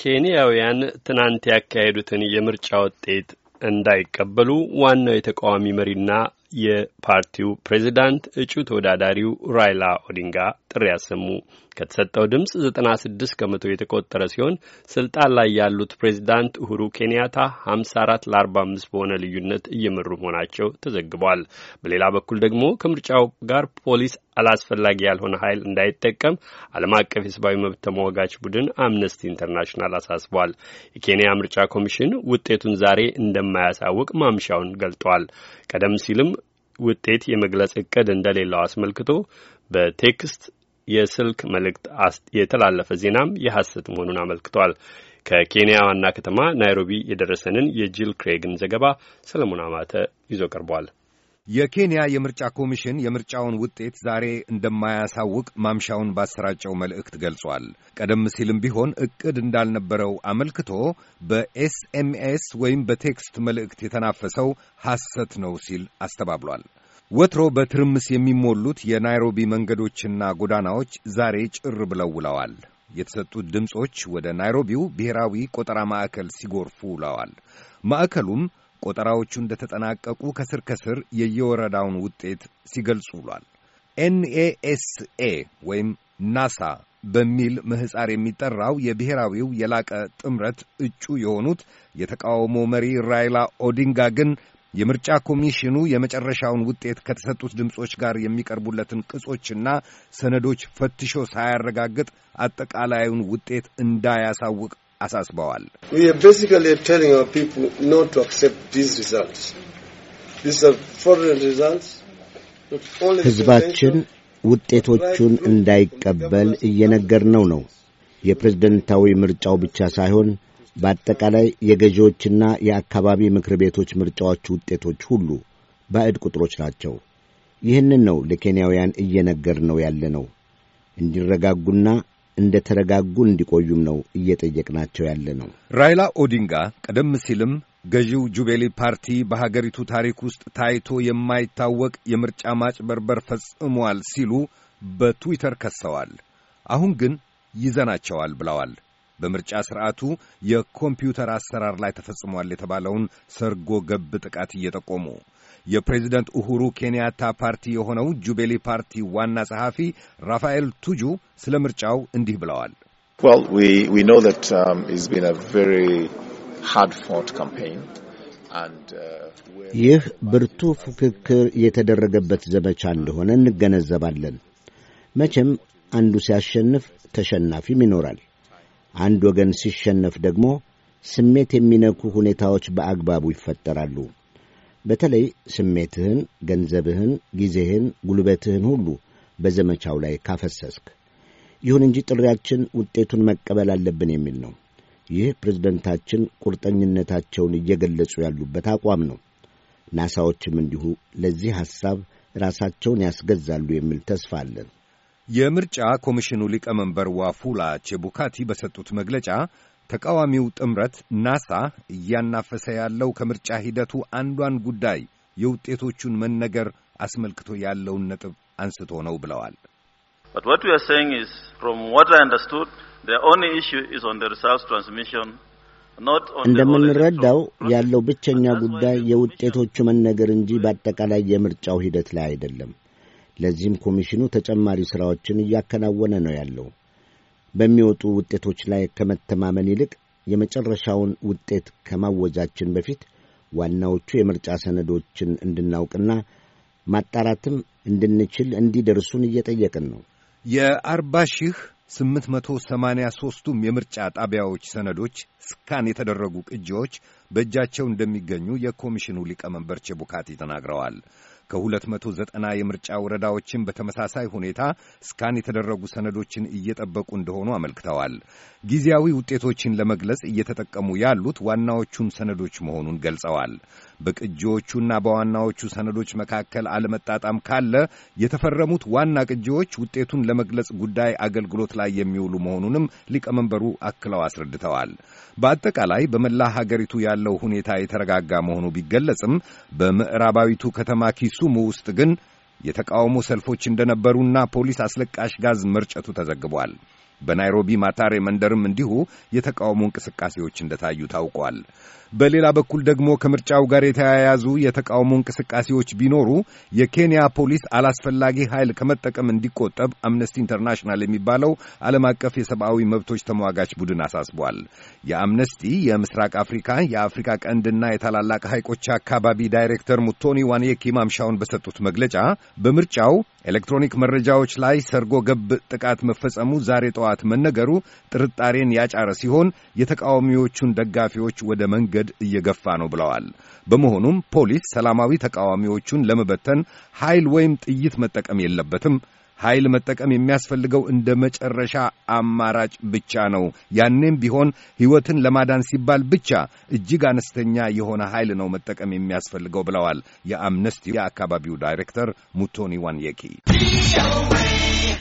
ኬንያውያን ትናንት ያካሄዱትን የምርጫ ውጤት እንዳይቀበሉ ዋናው የተቃዋሚ መሪና የፓርቲው ፕሬዚዳንት እጩ ተወዳዳሪው ራይላ ኦዲንጋ ጥሪ አሰሙ። ከተሰጠው ድምፅ 96 ከመቶ የተቆጠረ ሲሆን ስልጣን ላይ ያሉት ፕሬዚዳንት ኡሁሩ ኬንያታ 54 ለ45 በሆነ ልዩነት እየመሩ መሆናቸው ተዘግቧል። በሌላ በኩል ደግሞ ከምርጫው ጋር ፖሊስ አላስፈላጊ ያልሆነ ኃይል እንዳይጠቀም ዓለም አቀፍ የሰብአዊ መብት ተሟጋች ቡድን አምነስቲ ኢንተርናሽናል አሳስቧል። የኬንያ ምርጫ ኮሚሽን ውጤቱን ዛሬ እንደማያሳውቅ ማምሻውን ገልጧል። ቀደም ሲልም ውጤት የመግለጽ እቅድ እንደሌለው አስመልክቶ በቴክስት የስልክ መልእክት የተላለፈ ዜናም የሐሰት መሆኑን አመልክቷል። ከኬንያ ዋና ከተማ ናይሮቢ የደረሰንን የጂል ክሬግን ዘገባ ሰለሞን አማተ ይዞ ቀርቧል። የኬንያ የምርጫ ኮሚሽን የምርጫውን ውጤት ዛሬ እንደማያሳውቅ ማምሻውን ባሰራጨው መልእክት ገልጿል። ቀደም ሲልም ቢሆን እቅድ እንዳልነበረው አመልክቶ በኤስኤምኤስ ወይም በቴክስት መልእክት የተናፈሰው ሐሰት ነው ሲል አስተባብሏል። ወትሮ በትርምስ የሚሞሉት የናይሮቢ መንገዶችና ጎዳናዎች ዛሬ ጭር ብለው ውለዋል። የተሰጡት ድምፆች ወደ ናይሮቢው ብሔራዊ ቆጠራ ማዕከል ሲጎርፉ ውለዋል። ማዕከሉም ቆጠራዎቹ እንደተጠናቀቁ ከስር ከስር የየወረዳውን ውጤት ሲገልጹ ውሏል። ኤንኤኤስኤ ወይም ናሳ በሚል ምህፃር የሚጠራው የብሔራዊው የላቀ ጥምረት እጩ የሆኑት የተቃውሞ መሪ ራይላ ኦዲንጋ ግን የምርጫ ኮሚሽኑ የመጨረሻውን ውጤት ከተሰጡት ድምፆች ጋር የሚቀርቡለትን ቅጾችና ሰነዶች ፈትሾ ሳያረጋግጥ አጠቃላዩን ውጤት እንዳያሳውቅ አሳስበዋል። ህዝባችን ውጤቶቹን እንዳይቀበል እየነገርነው ነው። የፕሬዝደንታዊ ምርጫው ብቻ ሳይሆን በአጠቃላይ የገዢዎችና የአካባቢ ምክር ቤቶች ምርጫዎች ውጤቶች ሁሉ ባዕድ ቁጥሮች ናቸው። ይህንን ነው ለኬንያውያን እየነገር ነው ያለ ነው። እንዲረጋጉና እንደ ተረጋጉ እንዲቆዩም ነው እየጠየቅናቸው ያለ ነው። ራይላ ኦዲንጋ ቀደም ሲልም ገዢው ጁቤሊ ፓርቲ በሀገሪቱ ታሪክ ውስጥ ታይቶ የማይታወቅ የምርጫ ማጭበርበር ፈጽሟል ሲሉ በትዊተር ከሰዋል። አሁን ግን ይዘናቸዋል ብለዋል። በምርጫ ስርዓቱ የኮምፒውተር አሰራር ላይ ተፈጽሟል የተባለውን ሰርጎ ገብ ጥቃት እየጠቆሙ የፕሬዚደንት ኡሁሩ ኬንያታ ፓርቲ የሆነው ጁቤሊ ፓርቲ ዋና ጸሐፊ ራፋኤል ቱጁ ስለ ምርጫው እንዲህ ብለዋል። um, uh, ይህ ብርቱ ፉክክር የተደረገበት ዘመቻ እንደሆነ እንገነዘባለን። መቼም አንዱ ሲያሸንፍ ተሸናፊም ይኖራል። አንድ ወገን ሲሸነፍ ደግሞ ስሜት የሚነኩ ሁኔታዎች በአግባቡ ይፈጠራሉ። በተለይ ስሜትህን፣ ገንዘብህን፣ ጊዜህን፣ ጉልበትህን ሁሉ በዘመቻው ላይ ካፈሰስክ። ይሁን እንጂ ጥሪያችን ውጤቱን መቀበል አለብን የሚል ነው። ይህ ፕሬዝደንታችን ቁርጠኝነታቸውን እየገለጹ ያሉበት አቋም ነው። ናሳዎችም እንዲሁ ለዚህ ሐሳብ ራሳቸውን ያስገዛሉ የሚል ተስፋ አለን። የምርጫ ኮሚሽኑ ሊቀመንበር ዋፉላ ቼቡካቲ በሰጡት መግለጫ ተቃዋሚው ጥምረት ናሳ እያናፈሰ ያለው ከምርጫ ሂደቱ አንዷን ጉዳይ የውጤቶቹን መነገር አስመልክቶ ያለውን ነጥብ አንስቶ ነው ብለዋል። እንደምንረዳው ያለው ብቸኛ ጉዳይ የውጤቶቹ መነገር እንጂ በአጠቃላይ የምርጫው ሂደት ላይ አይደለም። ለዚህም ኮሚሽኑ ተጨማሪ ሥራዎችን እያከናወነ ነው ያለው። በሚወጡ ውጤቶች ላይ ከመተማመን ይልቅ የመጨረሻውን ውጤት ከማወጃችን በፊት ዋናዎቹ የምርጫ ሰነዶችን እንድናውቅና ማጣራትም እንድንችል እንዲደርሱን እየጠየቅን ነው። የአርባ ሺህ ስምንት መቶ ሰማንያ ሦስቱም የምርጫ ጣቢያዎች ሰነዶች ስካን የተደረጉ ቅጂዎች በእጃቸው እንደሚገኙ የኮሚሽኑ ሊቀመንበር ቼቡካቲ ተናግረዋል። ከ290 የምርጫ ወረዳዎችን በተመሳሳይ ሁኔታ ስካን የተደረጉ ሰነዶችን እየጠበቁ እንደሆኑ አመልክተዋል። ጊዜያዊ ውጤቶችን ለመግለጽ እየተጠቀሙ ያሉት ዋናዎቹን ሰነዶች መሆኑን ገልጸዋል። በቅጂዎቹና በዋናዎቹ ሰነዶች መካከል አለመጣጣም ካለ የተፈረሙት ዋና ቅጂዎች ውጤቱን ለመግለጽ ጉዳይ አገልግሎት ላይ የሚውሉ መሆኑንም ሊቀመንበሩ አክለው አስረድተዋል። በአጠቃላይ በመላ ሀገሪቱ ያለው ሁኔታ የተረጋጋ መሆኑ ቢገለጽም በምዕራባዊቱ ከተማ ኪሱሙ ውስጥ ግን የተቃውሞ ሰልፎች እንደነበሩና ፖሊስ አስለቃሽ ጋዝ መርጨቱ ተዘግቧል። በናይሮቢ ማታሬ መንደርም እንዲሁ የተቃውሞ እንቅስቃሴዎች እንደታዩ ታውቋል። በሌላ በኩል ደግሞ ከምርጫው ጋር የተያያዙ የተቃውሞ እንቅስቃሴዎች ቢኖሩ የኬንያ ፖሊስ አላስፈላጊ ኃይል ከመጠቀም እንዲቆጠብ አምነስቲ ኢንተርናሽናል የሚባለው ዓለም አቀፍ የሰብአዊ መብቶች ተሟጋች ቡድን አሳስቧል። የአምነስቲ የምስራቅ አፍሪካ የአፍሪካ ቀንድና የታላላቅ ሐይቆች አካባቢ ዳይሬክተር ሙቶኒ ዋንየኪ ማምሻውን በሰጡት መግለጫ በምርጫው ኤሌክትሮኒክ መረጃዎች ላይ ሰርጎ ገብ ጥቃት መፈጸሙ ዛሬ ጠዋት መነገሩ ጥርጣሬን ያጫረ ሲሆን የተቃዋሚዎቹን ደጋፊዎች ወደ መንገድ እየገፋ ነው ብለዋል። በመሆኑም ፖሊስ ሰላማዊ ተቃዋሚዎቹን ለመበተን ኃይል ወይም ጥይት መጠቀም የለበትም ኃይል መጠቀም የሚያስፈልገው እንደ መጨረሻ አማራጭ ብቻ ነው። ያኔም ቢሆን ሕይወትን ለማዳን ሲባል ብቻ እጅግ አነስተኛ የሆነ ኃይል ነው መጠቀም የሚያስፈልገው ብለዋል የአምነስቲ የአካባቢው ዳይሬክተር ሙቶኒ ዋንየኪ።